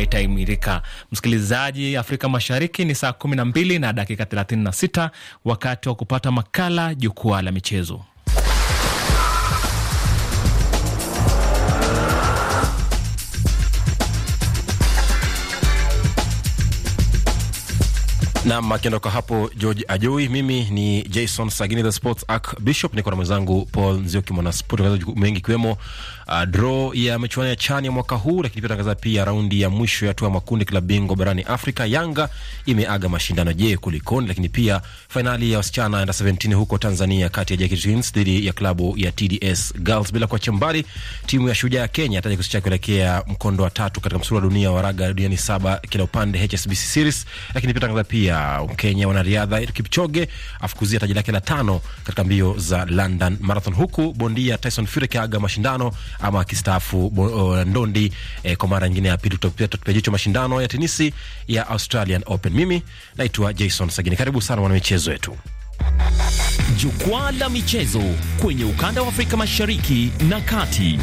haitaimirika. Msikilizaji, Afrika Mashariki ni saa 12 na dakika 36, wakati wa kupata makala Jukwaa la Michezo. Nam akiondoka hapo George Ajoi, mimi ni Jason Sagini the Sports Arc Bishop, niko na mwenzangu Paul Nzioki mwana sport. tangaza mengi ikiwemo uh, draw ya michuano ya chani ya mwaka huu, lakini pia tangaza pia raundi ya mwisho ya hatua ya makundi klabu bingwa barani Afrika. Yanga imeaga mashindano, je, kulikoni? Lakini pia fainali ya wasichana under 17 huko Tanzania kati ya JKT Twins dhidi ya klabu ya TDS Girls, bila kuacha mbali timu ya Shujaa ya Kenya ataja kikosi chake kuelekea mkondo wa tatu katika msuru wa dunia wa raga duniani saba kila upande HSBC series, lakini pia tangaza pia na Mkenya wanariadha Kipchoge afukuzia taji lake la tano katika mbio za London Marathon, huku bondia Tyson Fury akiaga mashindano ama akistaafu ndondi eh, kwa mara nyingine ya pili. Tutupia jicho mashindano ya tenisi ya Australian Open. Mimi naitwa Jason Sagini, karibu sana wanamichezo wetu Jukwaa la michezo kwenye ukanda wa Afrika Mashariki na Kati.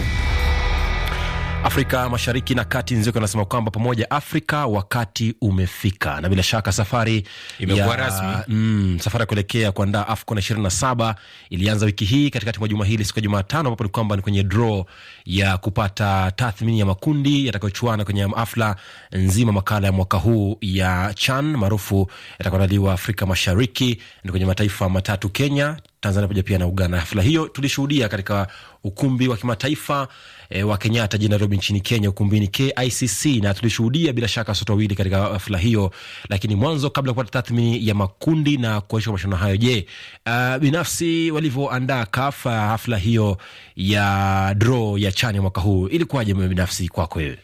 Afrika Mashariki na Kati, Nzeko anasema kwamba pamoja Afrika wakati umefika, na bila shaka safari imekuwa rasmi mm, safari ya kuelekea kuandaa AFCON 27 ilianza wiki hii katikati mwa juma hili siku ya Jumatano, ambapo ni kwamba ni kwenye draw ya kupata tathmini ya makundi yatakayochuana kwenye hafla nzima makala ya mwaka huu ya CHAN maarufu yatakayoandaliwa Afrika Mashariki ni kwenye mataifa matatu Kenya, Tanzania pamoja pia na Uganda. Hafla hiyo tulishuhudia katika ukumbi wa kimataifa e, wa Kenyatta jijini Nairobi nchini Kenya, ukumbini KICC, na tulishuhudia bila shaka sote wawili katika hafla hiyo. Lakini mwanzo, kabla ya kupata tathmini ya makundi na kuonyesha mashindano hayo, je, uh, binafsi walivyoandaa kafa hafla hiyo ya draw ya chanya mwaka huu, ilikuwaje binafsi kwako wewe?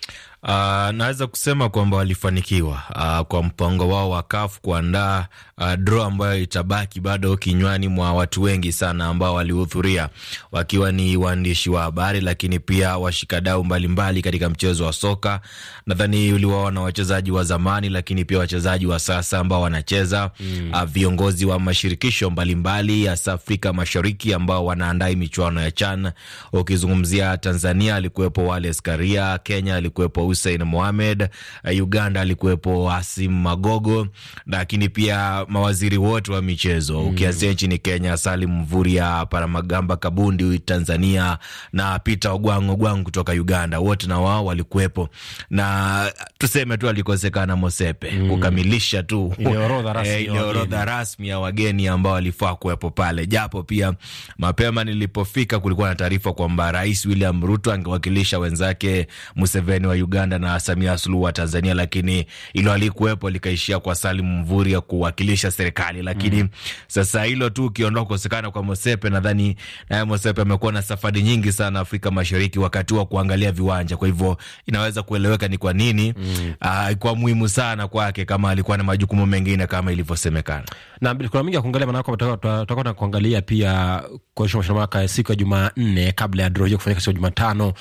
Uh, naweza kusema kwamba walifanikiwa uh, kwa mpango wao wa kafu kuandaa uh, draw ambayo itabaki bado kinywani mwa watu wengi sana ambao walihudhuria wakiwa ni waandishi wa habari, lakini pia washikadau mbalimbali katika mchezo wa soka. Nadhani uliwaona wachezaji wa zamani, lakini pia wachezaji wa sasa ambao wanacheza mm. uh, viongozi wa mashirikisho mbalimbali hasa Afrika Mashariki ambao wanaandaa michuano ya CHAN. Ukizungumzia Tanzania alikuwepo Wallace Karia, Kenya alikuwepo Hussein Mohamed, uh, Uganda alikuwepo Asim Magogo, lakini pia mawaziri wote wa michezo mm. Ukianzia nchini Kenya, Salim Mvuria, Paramagamba Kabundi Tanzania na Peter Ogwang Ogwang kutoka Uganda, wote na wao walikuwepo, na tuseme tu alikosekana Mosepe mm. kukamilisha tu orodha eh, rasmi, e, rasmi ya wageni ambao walifaa kuwepo pale, japo pia mapema nilipofika kulikuwa na taarifa kwamba Rais William Ruto angewakilisha wenzake Museveni wa Uganda na Samia Suluhu wa Tanzania, lakini ilo alikuwepo likaishia kwa Salim Mvuria kuwakilisha kuirejesha serikali, lakini mm. sasa hilo tu ukiondoa kukosekana kwa Mosepe, nadhani naye eh, Mosepe amekuwa na safari nyingi sana Afrika Mashariki wakati wa kuangalia viwanja, kwa hivyo inaweza kueleweka ni kwa nini mm. Ah, muhimu sana kwake, kama alikuwa na majukumu mengine kama ilivyosemekana, na kuna ya kuangalia, maanake tutakuwa na kuangalia pia kuonyesha mashindano siku ya Jumanne kabla ya draw kufanyika siku ya Jumatano. Uh,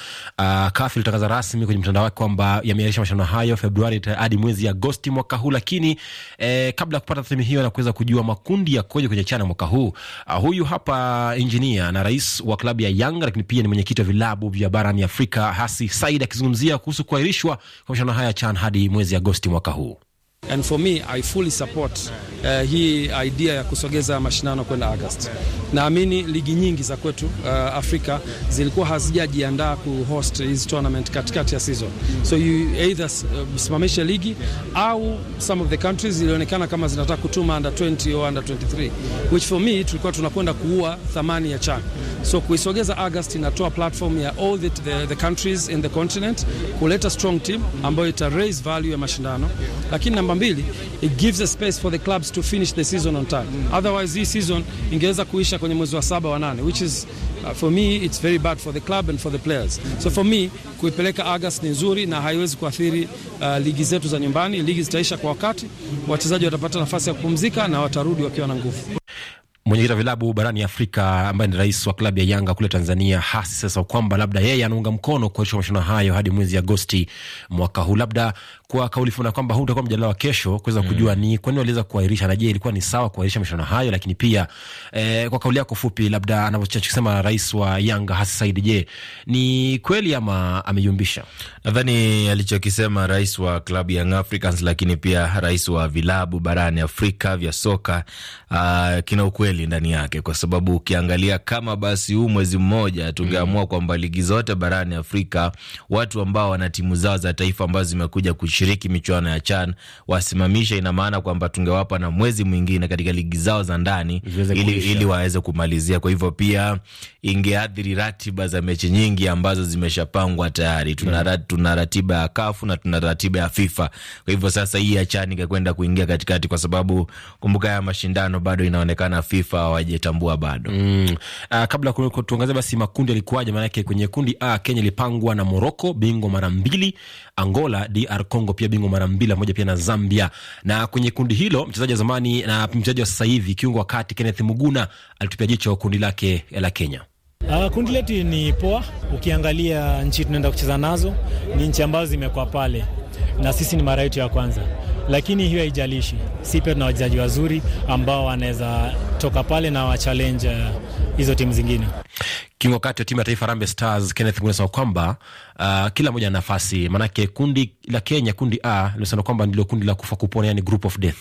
ah, CAF ilitangaza rasmi kwenye mtandao wake kwamba yameahirisha mashindano hayo Februari hadi mwezi Agosti mwaka huu, lakini eh, kabla ya kupata tathmini tathmini hiyo na kuweza kujua makundi yakoje kwenye chana mwaka huu. Uh, huyu hapa injinia na rais wa klabu ya Yanga, lakini pia ni mwenyekiti wa vilabu vya barani Afrika Hasi Said akizungumzia kuhusu kuahirishwa kwa mashindano haya ya CHAN hadi mwezi Agosti mwaka huu. And for me, I fully support uh, hii idea ya kusogeza mashindano kwenda August. Naamini ligi nyingi za kwetu uh, Afrika zilikuwa hazijajiandaa kuhost hizi tournament katikati ya season. So you either uh, simamishe ligi au some of the countries zilionekana kama zinataka kutuma under 20 au under 23 which for me tulikuwa tunakwenda kuua thamani ya CHAN. So kuisogeza August inatoa platform ya all the, the, the countries in the continent kuleta strong team ambayo ita raise value ya mashindano. Lakini namba namba mbili, it gives a space for the clubs to finish the season on time. Otherwise this season ingeweza kuisha kwenye mwezi wa saba wa nane, which is uh, for me it's very bad for the club and for the players. So for me kuipeleka August ni nzuri na haiwezi kuathiri uh, ligi zetu za nyumbani. Ligi zitaisha kwa wakati, wachezaji watapata nafasi ya kupumzika na watarudi wakiwa na nguvu. Mwenyekiti wa vilabu barani Afrika ambaye ni rais wa klabu ya Yanga kule Tanzania hasi sasa kwamba labda yeye anaunga mkono kuaishwa mashindano hayo hadi mwezi Agosti mwaka huu. Labda kwa kauli fulani kwamba huu utakuwa mjadala wa kesho kuweza mm. kujua ni kwa nini waliweza kuahirisha na je ilikuwa ni sawa kuahirisha mashindano hayo. Lakini pia eh, kwa kauli yako fupi, labda anavyosema rais wa Yanga Hasi Said, je ni kweli ama ameyumbisha? Nadhani alichokisema rais wa klabu Young Africans, lakini pia rais wa vilabu barani Afrika vya soka uh, kina ukweli ndani yake, kwa sababu ukiangalia kama basi huu mwezi mmoja tungeamua mm, kwamba ligi zote barani Afrika watu ambao wana timu zao za taifa ambazo zimekuja kushiriki kushiriki michuano ya CHAN wasimamishe, ina maana kwamba tungewapa na mwezi mwingine katika ligi zao za ndani ili, ili waweze kumalizia. Kwa hivyo pia ingeathiri ratiba za mechi nyingi ambazo zimeshapangwa tayari. Tuna, mm. ratiba ya kafu na tuna ratiba ya FIFA. Kwa hivyo sasa hii ya CHAN ingekwenda kuingia katikati, kwa sababu kumbuka ya mashindano bado inaonekana FIFA hawajatambua bado. mm. Uh, kabla tuangaze basi makundi yalikuwaje, maanake kwenye kundi A Kenya ilipangwa na Moroko, bingwa mara mbili, Angola, DR Congo Kongo pia bingwa mara mbili moja pia na Zambia. Na kwenye kundi hilo mchezaji wa zamani na mchezaji wa sasa hivi kiungo wa kati Kenneth Muguna alitupia jicho kundi lake la Kenya. Uh, kundi letu ni poa. Ukiangalia nchi tunaenda kucheza nazo ni nchi ambazo zimekuwa pale na sisi ni mara yetu ya kwanza, lakini hiyo haijalishi. Si pia tuna wachezaji wazuri ambao wanaweza toka pale na wachallenge eh, hizo timu zingine. Kiungo kati wa timu ya taifa Harambee Stars Kenneth Muguna anasema kwamba uh, kila moja na nafasi, manake kundi la Kenya, kundi A limesema kwamba ndilo kundi la kufa kupona, yani group of death.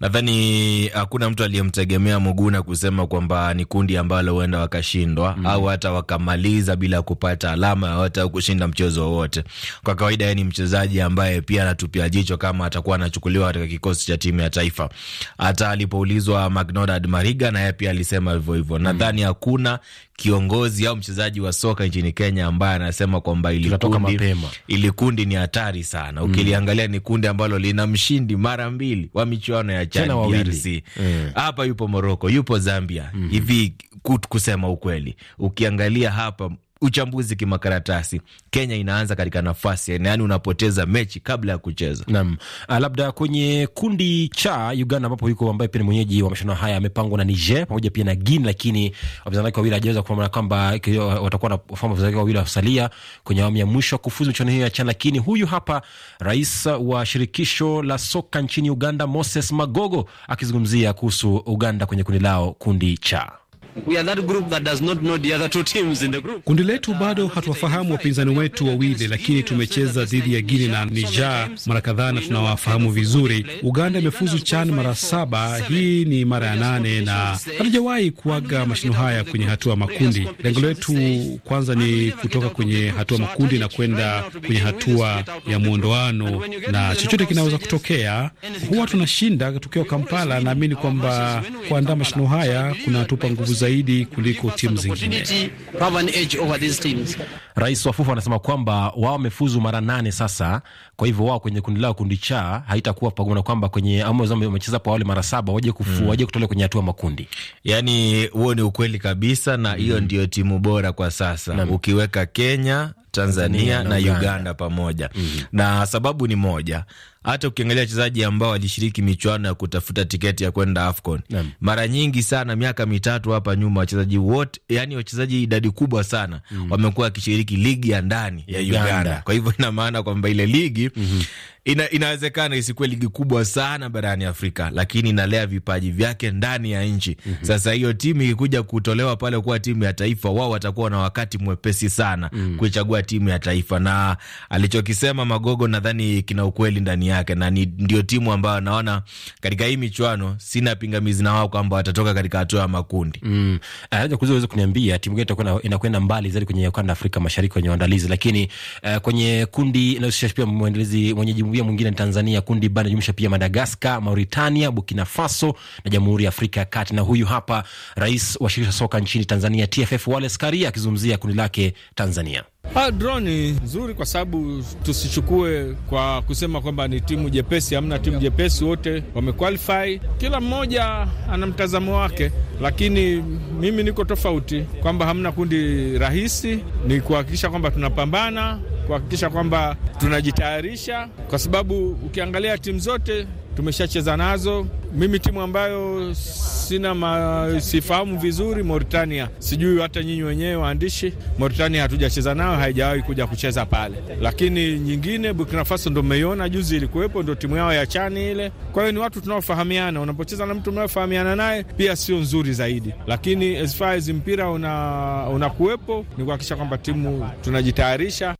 Nadhani ah, hakuna mtu aliyemtegemea Muguna kusema kwamba ni kundi ambalo huenda wakashindwa mm, au hata wakamaliza bila kupata alama yoyote au kushinda mchezo wowote. Kwa kawaida, yeye ni mchezaji ambaye pia anatupia jicho kama atakuwa anachukuliwa katika kikosi cha timu ya taifa. Hata alipoulizwa Magnodad Mariga, na yeye pia alisema hivyo hivyo. Mm. Nadhani hakuna kiongozi au mchezaji wa soka nchini Kenya ambaye anasema kwamba ili likatoka mapema. Ili kundi ni hatari sana, mm. ukiliangalia ni kundi ambalo lina mshindi mara mbili wa michuano ya CHAN DRC mm. hapa, mm. yupo Moroko, yupo Zambia mm. hivi kusema ukweli, ukiangalia hapa uchambuzi kimakaratasi, Kenya inaanza katika nafasi yaani, unapoteza mechi kabla ya kucheza. Naam, ah, labda kwenye kundi cha Uganda ambapo yuko ambaye pia ni mwenyeji wa mashindano haya amepangwa na Niger pamoja pia na Guinea, lakini wapinzani wake wawili hajaweza kuona kwamba watakuwa na wapinzani wake wawili wasalia kwenye awamu ya mwisho kufuzu michuano hiyo ya CHAN. Lakini huyu hapa rais wa shirikisho la soka nchini Uganda Moses Magogo akizungumzia kuhusu Uganda kwenye kundi lao, kundi cha Kundi letu bado hatuwafahamu wapinzani wetu wawili, lakini tumecheza dhidi ya Guinea na Niger mara kadhaa na tunawafahamu vizuri. Uganda imefuzu CHAN mara saba, hii ni mara ya nane na hatujawahi kuaga mashindano haya kwenye hatua makundi. Lengo letu kwanza ni kutoka kwenye hatua makundi na kwenda kwenye hatua ya mwondoano, na chochote kinaweza kutokea. Huwa tunashinda tukiwa Kampala. Naamini kwamba kuandaa mashindano haya kunatupa nguvu zaidi kuliko timu zingine. Rais Wafufu anasema kwamba wao wamefuzu mara nane sasa, kwa hivyo wao kwenye kundi lao, kundi cha haitakuwa pagona kwamba kwenye wamecheza pa wale mara saba waje kufu, mm. waje kutolewa kwenye hatua makundi. Yani huo ni ukweli kabisa, na hmm. hiyo mm. ndio timu bora kwa sasa Nami. ukiweka Kenya Tanzania na Uganda, Uganda pamoja mm -hmm. Na sababu ni moja, hata ukiangalia wachezaji ambao walishiriki michuano ya kutafuta tiketi ya kwenda AFCON yeah. Mara nyingi sana miaka mitatu hapa nyuma wachezaji wote, yani wachezaji idadi kubwa sana mm. wamekuwa wakishiriki ligi ya ndani ya Uganda, Uganda. Kwa hivyo ina maana kwamba ile ligi mm -hmm. Ina, inawezekana isikuwe ligi kubwa sana barani Afrika, lakini inalea vipaji vyake ndani ya nchi mm -hmm. Sasa hiyo timu ikikuja kutolewa pale kuwa timu ya taifa, wao watakuwa na wakati mwepesi sana mm -hmm. kuichagua timu ya taifa, na alichokisema Magogo nadhani kina ukweli ndani yake, na ni, ndio timu ambayo naona katika hii michuano sina pingamizi na wao kwamba watatoka katika hatua ya makundi mm. Uh, eh, kuzo uweze kuniambia timu gani itakuwa inakwenda mbali zaidi kwenye kanda Afrika Mashariki kwenye uandalizi, lakini uh, kwenye kundi inahusisha pia mwandalizi mwenyeji mwingine ni Tanzania. Kundi B linajumuisha pia Madagascar, Mauritania, Burkina Faso na Jamhuri ya Afrika ya Kati, na huyu hapa rais wa shirika soka nchini Tanzania TFF Wallace Karia akizungumzia kundi lake Tanzania. Ah, droni nzuri kwa sababu tusichukue kwa kusema kwamba ni timu jepesi. Hamna timu jepesi, wote wamequalify, kila mmoja ana mtazamo wake, lakini mimi niko tofauti kwamba hamna kundi rahisi, ni kuhakikisha kwamba tunapambana, kuhakikisha kwamba tunajitayarisha, kwa sababu ukiangalia timu zote tumeshacheza nazo. Mimi timu ambayo sina ma, sifahamu vizuri Mauritania, sijui hata nyinyi wenyewe waandishi. Mauritania hatujacheza nao, haijawahi kuja kucheza pale, lakini nyingine Burkina Faso ndo mmeiona juzi ilikuwepo, ndo timu yao ya chani ile. Kwa hiyo ni watu tunaofahamiana, unapocheza na mtu unaofahamiana naye pia sio nzuri zaidi, lakini as far as mpira unakuwepo una ni kuhakikisha kwamba timu tunajitayarisha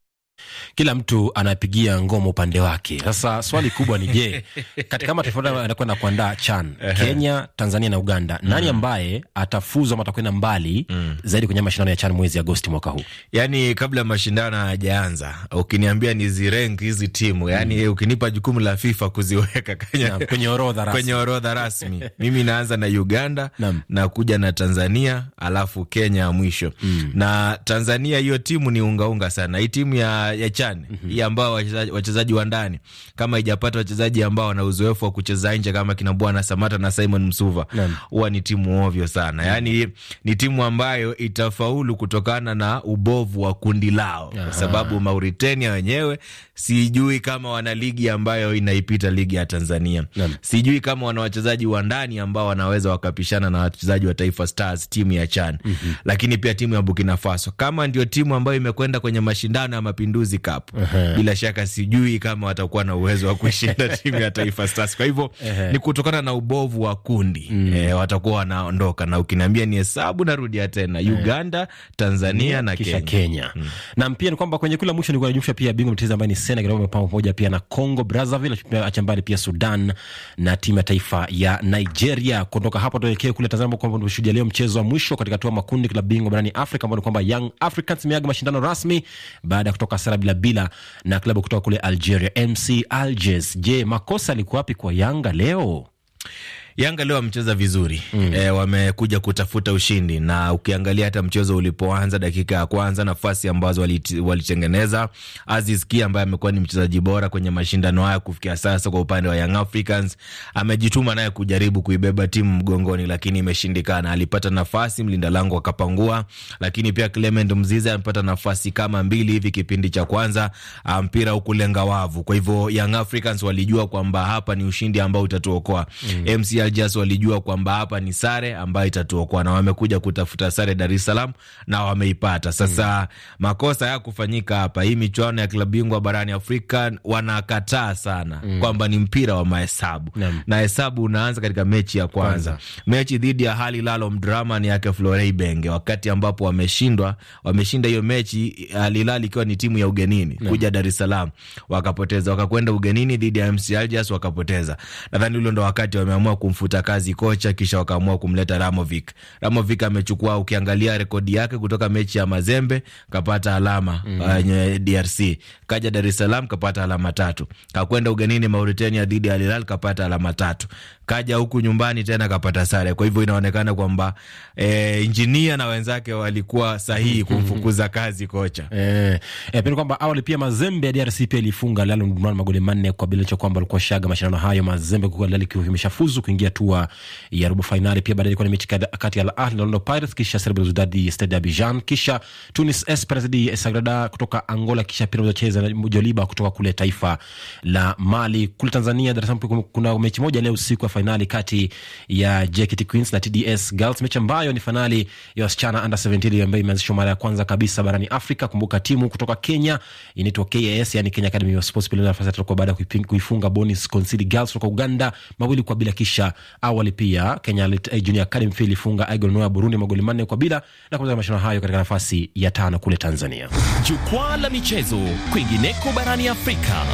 kila mtu anapigia ngoma upande wake. Sasa swali kubwa ni je, katika mataifa yanakwenda kuandaa CHAN Kenya, Tanzania na Uganda, mm. nani ambaye atafuzwa ama atakwenda mbali mm. zaidi kwenye mashindano ya CHAN mwezi Agosti mwaka huu? Yani kabla mashindano hayajaanza, ukiniambia ni zirenk hizi timu yani mm. ukinipa jukumu la FIFA kuziweka kwenye, kwenye orodha rasmi, kwenye orodha rasmi mimi naanza na Uganda Nam. na kuja na Tanzania alafu Kenya mwisho mm. na Tanzania hiyo timu ni ungaunga unga sana hii timu ya ya, CHAN mm -hmm. ambao wachezaji wa ndani kama ijapata wachezaji ambao wana uzoefu wa kucheza nje kama kina Bwana Samata na Simon Msuva huwa ni timu ovyo sana, yaani ni timu ambayo itafaulu kutokana na ubovu wa kundi lao, kwa sababu Mauritania wenyewe sijui kama wana ligi ambayo inaipita ligi ya Tanzania Nani. Sijui kama wana wachezaji wa ndani ambao wanaweza wakapishana na wachezaji wa Taifa Stars, timu ya CHAN mm -hmm. Lakini pia timu ya Burkina Faso kama ndio timu ambayo imekwenda kwenye mashindano ya mapinduzi Jubiluzi Cup. Bila shaka sijui kama watakuwa na uwezo wa kushinda timu ya Taifa Stars. Kwa hivyo uh-huh. ni kutokana na ubovu wa kundi mm. E, watakuwa wanaondoka na ukiniambia ni hesabu narudia tena uh-huh. Uganda, Tanzania na Kenya, Kenya. Mm. Na mpia ni kwamba kwenye kula mwisho nilikuwa najumsha pia bingwa mtetezi ambaye ni Senegal ambao pamoja pia na Congo Brazzaville acha mbali pia Sudan na timu ya taifa ya Nigeria. Kuondoka hapo tuelekee kule Tanzania kwamba tumeshuhudia leo mchezo wa mwisho katika hatua makundi klabu bingwa barani Afrika ambao ni kwamba Young Africans imeaga mashindano rasmi baada ya kutoka sare sare bila bila na klabu kutoka kule Algeria MC Alges. Je, makosa alikuwa wapi kwa Yanga leo? Yanga leo wamecheza vizuri mm. E, wamekuja kutafuta ushindi, na ukiangalia hata mchezo ulipoanza, dakika ya kwanza, nafasi ambazo walitengeneza, Aziz Ki ambaye amekuwa ni mchezaji bora kwenye mashindano haya kufikia sasa kwa upande wa Young Africans amejituma naye kujaribu kuibeba timu mgongoni, lakini imeshindikana. Alipata nafasi, mlinda lango akapangua, lakini pia Clement Mzize amepata nafasi kama mbili hivi kipindi cha kwanza, ah, mpira ukulenga wavu. Kwa hivyo Young Africans walijua kwamba hapa ni ushindi ambao utatuokoa mm. MC Aljas walijua kwamba hapa ni sare ambayo itatuokoa, na wamekuja kutafuta sare Dar es Salaam na wameipata. Sasa mm. makosa ya kufanyika hapa, hii michuano ya klabu bingwa barani Afrika wanakataa sana mm. kwamba ni mpira wa mahesabu mm. na hesabu unaanza katika mechi ya kwanza, kwanza. mechi dhidi ya Al Hilal Omdurman yake Florei Benge, wakati ambapo wameshindwa, wameshinda hiyo mechi Al ikiwa ni timu ya ugenini mm. kuja Dar es Salaam wakapoteza, wakakwenda ugenini dhidi ya MC Aljas wakapoteza. Nadhani ulio ndo wakati wameamua kumfuta kazi kocha, kisha wakaamua kumleta Ramovic. Ramovic amechukua, ukiangalia rekodi yake kutoka mechi ya Mazembe kapata alama mm -hmm. uh, eh, DRC, kaja Dar es Salaam kapata alama tatu, kakwenda ugenini Mauritania dhidi ya Al Hilal kapata alama tatu, kaja huku nyumbani tena kapata sare. Kwa hivyo inaonekana kwamba e, eh, injinia na wenzake walikuwa sahihi mm-hmm. kumfukuza kazi kocha e, e, kwamba awali pia Mazembe ya DRC pia ilifunga Al Hilal magoli manne kwa bila cha kwamba alikuwa shaga mashindano hayo Mazembe kwa Al Hilal kimeshafuzu kuingia kuingia hatua ya robo fainali. Pia baadaye ilikuwa mechi kati ya Al Ahli na Orlando Pirates, kisha Cerberus dhidi ya Stade Abidjan, kisha Tunis Esperance dhidi ya Sagrada kutoka Angola, kisha pia wacheza na Joliba kutoka kule taifa la Mali. Kule Tanzania, Dar es Salaam, kuna mechi moja leo usiku ya fainali kati ya JKT Queens na TDS Girls, mechi ambayo ni fainali ya wasichana under 17 ambayo imeanzishwa mara ya kwanza kabisa barani Afrika. Kumbuka timu kutoka Kenya inaitwa KAS, yani Kenya Academy of Sports, pili nafasi ya baada ya kuifunga Bonis Concili Girls kutoka Uganda mawili kwa bila, kisha Awali pia Kenya eh, Junior Academy pia ilifunga Igor Burundi magoli manne kwa bila na kumaliza mashindano hayo katika nafasi ya tano kule Tanzania. Jukwaa la michezo kwingineko barani Afrika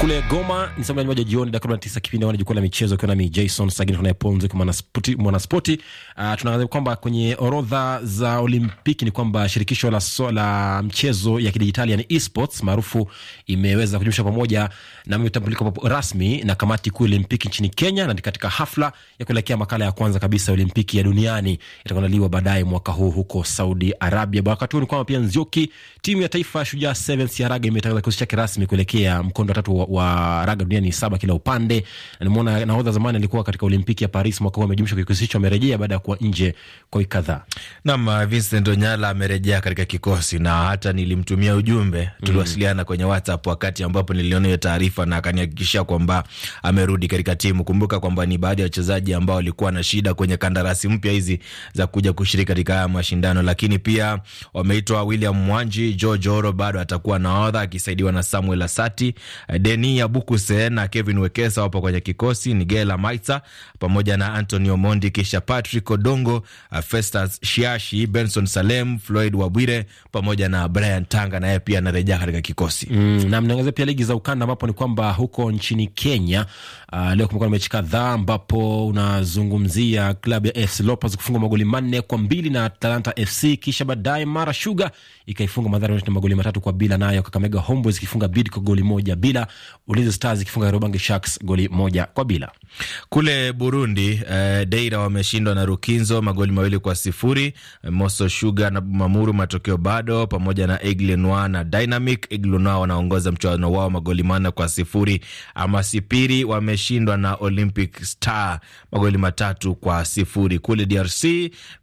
kule Goma ni saa moja jioni dakika arobaini na tisa kipindi wana jukwaa la michezo ukiwa nami Jason Sagini, tunaye Paul Nzioki mwanaspoti. Uh, tunaangazia kwamba kwenye orodha za Olimpiki ni kwamba shirikisho la, so, la mchezo ya kidijitali yani esports maarufu imeweza kujumisha pamoja na mitambuliko rasmi na kamati kuu ya Olimpiki nchini Kenya, na katika hafla ya kuelekea makala ya kwanza kabisa ya Olimpiki ya duniani itakaandaliwa baadaye mwaka huu huko Saudi Arabia. Wakati huu ni kwamba pia Nzioki, timu ya taifa Shujaa Sevens ya raga imetangaza kikosi chake rasmi kuelekea mkondo wa tatu wa wa raga dunia ni saba kila upande. Nimeona nahodha zamani alikuwa katika Olimpiki ya Paris mwaka huu amejumlisha kikosi hicho, amerejea baada ya kuwa nje kwa wiki kadhaa. Naam, uh, Vincent Onyala amerejea katika kikosi na hata nilimtumia ujumbe, mm. tuliwasiliana kwenye WhatsApp wakati ambapo niliona hiyo taarifa na akanihakikishia kwamba amerudi katika timu. Kumbuka kwamba ni baadhi ya wachezaji ambao walikuwa na shida kwenye kandarasi mpya hizi za kuja kushiriki katika haya mashindano, lakini pia wameitwa William Mwanji, George Oro bado atakuwa nahodha akisaidiwa na Samuel Asati, uh, De Deni Abukuse na Kevin Wekesa wapo kwenye kikosi, Nigela Maitsa pamoja na Antonio Mondi, kisha Patrick Odongo, uh, Festus Shiashi, Benson Salem, Floyd Wabwire pamoja na Brian Tanga, naye pia anarejea katika kikosi mm. Na mnaongezea pia ligi za ukanda ambapo ni kwamba huko nchini Kenya uh, leo kumekuwa na mechi kadhaa ambapo unazungumzia klabu ya FC Leopards kufungwa magoli manne kwa mbili na Talanta FC, kisha baadaye Mara Sugar ikaifunga Mathare United magoli matatu kwa bila, nayo Kakamega Homeboyz ikifunga Bidco goli moja bila Ulinzi Stars ikifunga Kariobangi Sharks goli moja kwa bila. Kule Burundi eh, Deira wameshindwa na Rukinzo magoli mawili kwa sifuri. Moso Shuga na Bumamuru matokeo bado, pamoja na Aigle na Dynamic. Aigle wanaongoza mchuano wao magoli manne kwa sifuri. Amasipiri wameshindwa na Olympic Star magoli matatu kwa sifuri. Kule DRC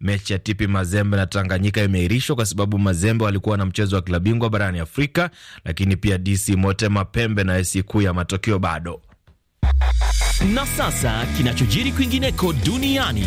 mechi ya Tipi Mazembe na Tanganyika imeahirishwa kwa sababu Mazembe walikuwa na mchezo wa klabu bingwa barani Afrika, lakini pia DC Motema Pembe na siku ya matokeo bado. Na sasa kinachojiri kwingineko duniani.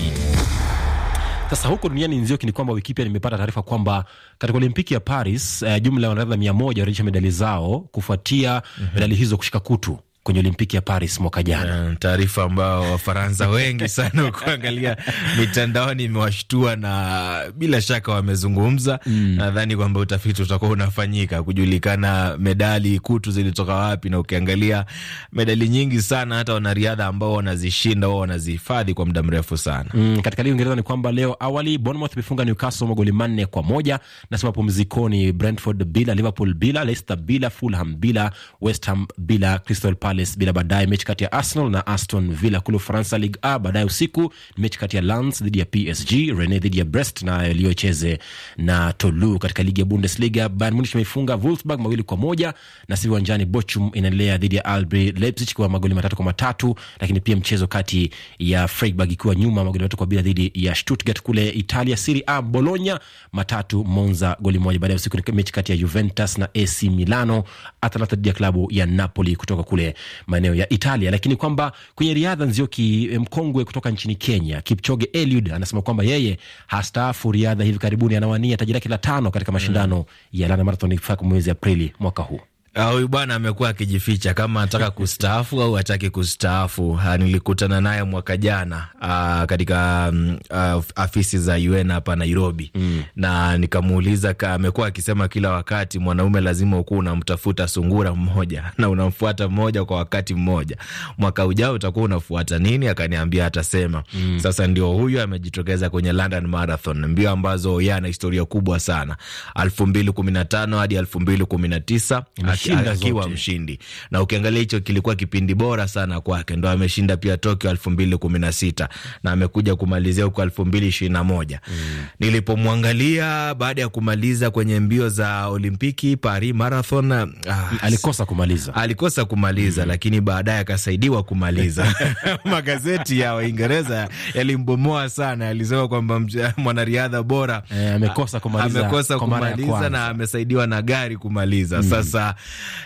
Sasa huko duniani Nzioki, ni kwamba wiki pia nimepata taarifa kwamba katika Olimpiki ya Paris eh, jumla ya wanariadha mia moja medali zao kufuatia mm -hmm. medali hizo kushika kutu kwenye Olimpiki ya Paris mwaka jana, taarifa ambao Wafaransa wengi sana kuangalia mitandaoni imewashtua na bila shaka wamezungumza. Mm. Nadhani kwamba utafiti utakuwa unafanyika kujulikana medali kutu zilitoka wapi, na ukiangalia medali nyingi sana hata wanariadha ambao wanazishinda wao wanazihifadhi kwa muda mrefu sana. Mm, katika ligi Uingereza ni kwamba leo awali Bournemouth imefunga Newcastle magoli manne kwa moja. Nasema pumzikoni, Brentford bila, Liverpool bila, Leicester bila, Fulham bila, West Ham bila, Crystal Palace Palace, bila baadaye mechi kati ya Arsenal na Aston Villa. Kule Ufaransa, Ligue A baadaye usiku ni mechi kati ya Lens dhidi ya PSG, Rennes dhidi ya Brest na yaliyocheze na Toulouse. Katika ligi ya Bundesliga, Bayern Munich imeifunga Wolfsburg mawili kwa moja na si uwanjani, Bochum inaendelea dhidi ya RB Leipzig kwa magoli matatu kwa matatu, lakini pia mchezo kati ya Freiburg ikiwa nyuma magoli matatu kwa bila dhidi ya Stuttgart. Kule Italia, Serie A, Bologna matatu Monza goli moja. Baadaye usiku ni mechi kati ya Juventus na AC Milano, Atalanta dhidi ya klabu ya Napoli kutoka kule maeneo ya Italia, lakini kwamba kwenye riadha, Nzioki eh, mkongwe kutoka nchini Kenya Kipchoge Eliud anasema kwamba yeye hastaafu riadha hivi karibuni, anawania taji lake la tano katika mashindano mm. ya London Marathon mwezi Aprili mwaka huu. Ah, huyu bwana amekuwa akijificha kama anataka kustaafu au hataki kustaafu. Ah, nilikutana naye mwaka jana ah, katika um, uh, afisi za UN hapa Nairobi mm. na nikamuuliza, amekuwa akisema kila wakati mwanaume lazima ukuwa unamtafuta sungura mmoja na unamfuata mmoja kwa wakati mmoja, mwaka ujao utakuwa unafuata nini? Akaniambia atasema mm. Sasa ndio huyu amejitokeza kwenye London Marathon, mbio ambazo yana historia kubwa sana, elfu mbili kumi na tano hadi elfu mbili kumi na tisa akiwa mshindi, na ukiangalia hicho kilikuwa kipindi bora sana kwake, ndo ameshinda pia Tokyo elfu mbili kumi na sita na amekuja kumalizia huko elfu mbili ishirini na moja mm. Nilipomwangalia baada ya kumaliza kwenye mbio za Olimpiki Paris Marathon, ah, alikosa kumaliza, alikosa kumaliza mm. lakini baadaye akasaidiwa kumaliza magazeti ya Waingereza yalimbomoa sana, alisema kwamba mwanariadha bora e, amekosa kumaliza, amekosa kumaliza na amesaidiwa na gari kumaliza mm. Sasa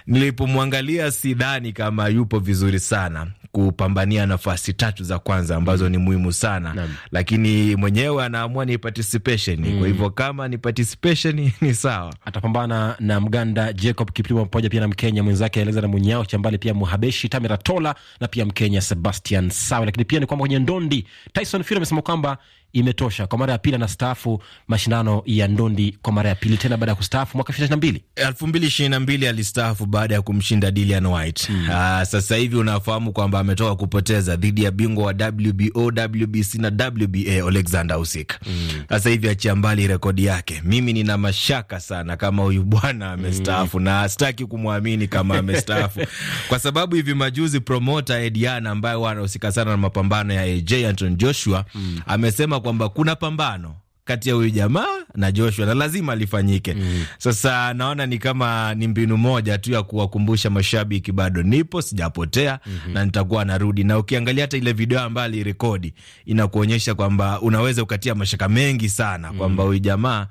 nilipomwangalia sidhani kama yupo vizuri sana kupambania nafasi tatu za kwanza ambazo ni muhimu sana Nami. Lakini mwenyewe anaamua ni participation mm. Kwa hivyo kama ni participation ni sawa, atapambana na Mganda Jacob Kiplimo pamoja pia na Mkenya mwenzake Eleza na Munyao Chambali, pia muhabeshi Tamera Tola na pia Mkenya Sebastian Sawe. Lakini pia ni kwamba kwenye ndondi Tyson Fury amesema kwamba imetosha kwa mara ya pili anastaafu mashindano ya ndondi kwa mara ya pili tena baada ya kustaafu mwaka ishirini na mbili elfu mbili ishirini na mbili alistaafu baada ya kumshinda Dillian White. Hmm. Aa, ah, sasa hivi unafahamu kwamba ametoka kupoteza dhidi ya bingwa wa WBO, WBC na WBA Alexander Usyk. Hmm. Sasa hivi achia mbali rekodi yake, mimi nina mashaka sana kama huyu bwana amestaafu. Hmm. na astaki kumwamini kama amestaafu kwa sababu hivi majuzi promota Ediana ambaye wanahusika sana na mapambano ya AJ Anton Joshua. Hmm. amesema kwamba kuna pambano kati ya huyu jamaa na Joshua na lazima lifanyike. Mm. Sasa naona ni kama ni mbinu moja tu ya kuwakumbusha mashabiki bado nipo, sijapotea mm -hmm. na nitakuwa narudi. Na ukiangalia hata ile video ambayo alirekodi inakuonyesha kwamba unaweza ukatia mashaka mengi sana kwamba mm. huyu jamaa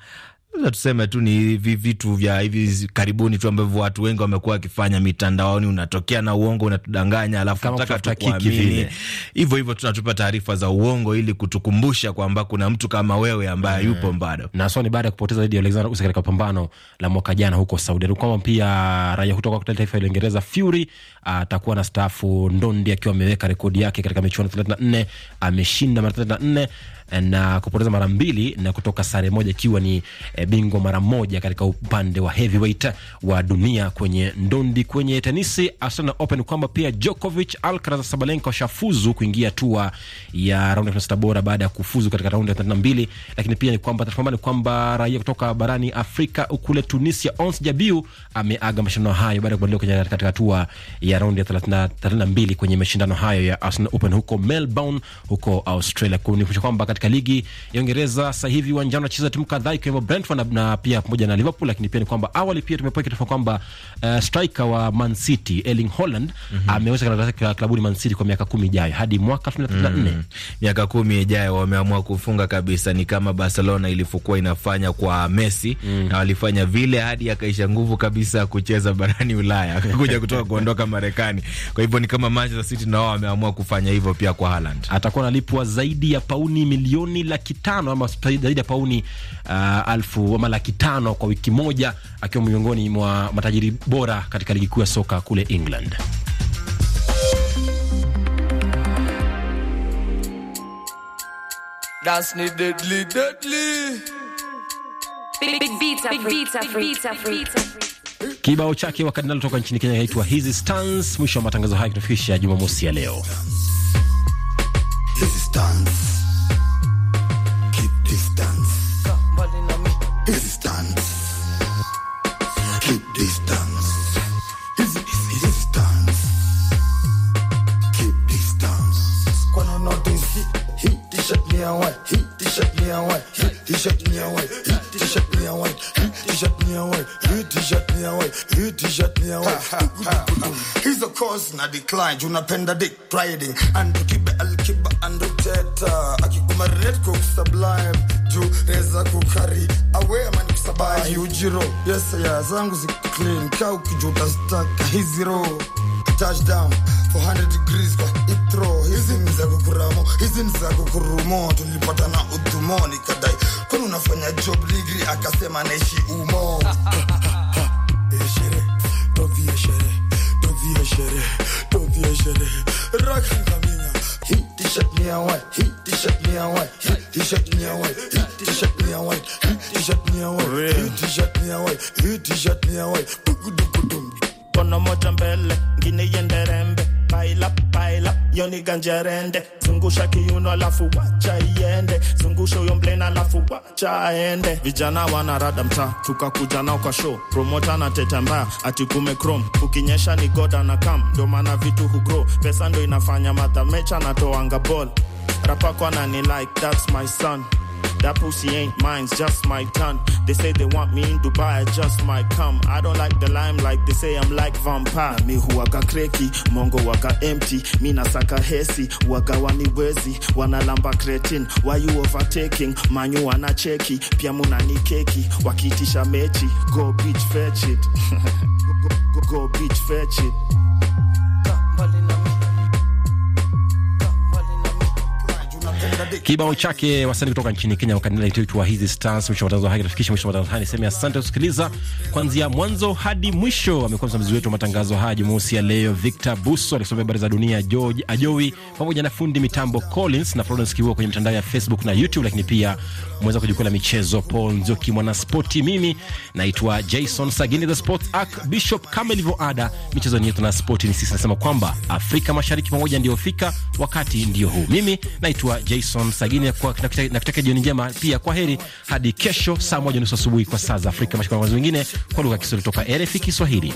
Tuseme tu ni hivi vitu vya hivi karibuni tu ambavyo watu wengi wamekuwa wakifanya mitandaoni, unatokea na uongo, unatudanganya, alafu nataka tukuamini. Hivyo hivyo tunatupa taarifa za uongo ili kutukumbusha kwamba kuna mtu kama wewe ambaye mm, yupo bado. Na so ni baada ya kupoteza dhidi ya Alexander Usyk katika pambano la mwaka jana huko Saudi, Arabia, kwamba pia raia kutoka kwa taifa la Uingereza Fury atakuwa na staafu. Ndondi akiwa ameweka rekodi yake katika michuano 34 ameshinda mara 34 na kupoteza mara mbili na kutoka sare moja ikiwa ni e, bingwa mara moja katika upande wa heavyweight wa dunia kwenye ndondi. Kwenye tenisi Australian Open kwamba pia Djokovic, Alcaraz, Sabalenka washafuzu kuingia hatua ya raundi ya 16 bora baada ya kufuzu katika raundi ya 32, lakini pia ni kwamba tafahamu ni kwamba raia kutoka barani Afrika kule Tunisia Ons Jabiu ameaga mashindano hayo baada ya kubadilika kwenye katika hatua ya raundi ya 32 kwenye mashindano hayo ya Australian Open huko Melbourne huko Australia. Kwa kwamba katika ligi ya Uingereza sasa hivi uwanjani wanacheza timu kadhaa ikiwemo Brentford taarifa na, na pia pamoja na Liverpool, lakini pia ni kwamba awali pia tumepewa taarifa kwamba uh, striker wa Man City Erling Haaland mm -hmm. ameweza karatasi klabuni Man City kwa miaka kumi ijayo hadi mwaka 2034 mm. miaka kumi ijayo wameamua kufunga kabisa, ni kama Barcelona ilivyokuwa inafanya kwa Messi mm. na walifanya vile hadi akaisha nguvu kabisa kucheza barani Ulaya akakuja kutoka kuondoka Marekani. Kwa hivyo ni kama Manchester City na wao wameamua kufanya hivyo pia kwa Haaland. Atakuwa analipwa zaidi ya pauni milioni laki tano ama zaidi ya pauni uh, alfu elfu ama laki tano kwa wiki moja, akiwa miongoni mwa matajiri bora katika ligi kuu ya soka kule England. deadly, deadly. Kibao chake wakadinalo toka nchini Kenya inaitwa Hizi Stans. Mwisho wa matangazo haya kutufikisha Jumamosi ya leo Hizi Stans. na decline juu napenda dick riding and kibe alkiba and ruteta akikuma red cook sublime juu reza kukari awe ama nikusabai ujiro ya zangu clean kau kijuta staka hizi ro touchdown 400 degrees kwa itro hizi mza kukuramo hizi mza kukurumo tulipata na udhumo nikadai kwani unafanya job ligri akasema naishi umo eshere eh, tovieshere Tuanzie sherehe, tuanzie sherehe, raka ngamia. Hii t-shirt ni ya white, hii t-shirt ni ya white, hii t-shirt ni ya white, hii t-shirt ni ya white, hii t-shirt ni ya white, hii t-shirt ni ya white, Kono moja mbele, ngine yenderembe, paila paila, yoni ganjarende zungusha kiuno alafu wacha iende, zungusha huyo mblena alafu wacha aende. Vijana wana rada mta tukakuja nao kwa show, promota na teta mbaya ati kume chrome, ukinyesha ni goda na kam, ndo maana vitu hugro, pesa ndo inafanya mathamecha natoanga ball kwa nani like that's my son That pussy ain't mine, just my tongue. They say they want me in Dubai, I just might come. I don't like the limelight, they say I'm like vampire. Me who waka creaky, mongo waka empty. Me nasaka hesi, waka wani wezi. lamba cretin, why you overtaking? Man wanna cheki, pia ni keki. Wakitisha mechi, go bitch fetch it. go, go, go, go bitch fetch it. Kibao chake wasanii kutoka nchini Kenya wakanilatuwa hizi stars. Mwisho wa matangazo haya kitafikisha mwisho wa matangazo haya, niseme asante kusikiliza kuanzia mwanzo hadi mwisho. Amekuwa msimamizi wetu wa matangazo haya Jumamosi ya leo Victor Buso, alikusomea habari za dunia George Ajowi, pamoja na fundi mitambo Collins na Florence Kiwuo kwenye mitandao ya Facebook na YouTube, lakini pia mweza kujukua la michezo Paul Nzoki mwanaspoti. Mimi naitwa Jason Sagini the sports arc bishop, kama ada, michezo ni yetu na spoti ni sisi, nasema kwamba Afrika Mashariki pamoja fika, wakati ndio huu. Mimi naitwa Jason Sagini na kutaka jioni njema pia. Kwa heri hadi kesho saa moja nusu asubuhi kwa saa za Afrika Mashariki, mengine kwa lugha ya Kiswahili toka RFI Kiswahili.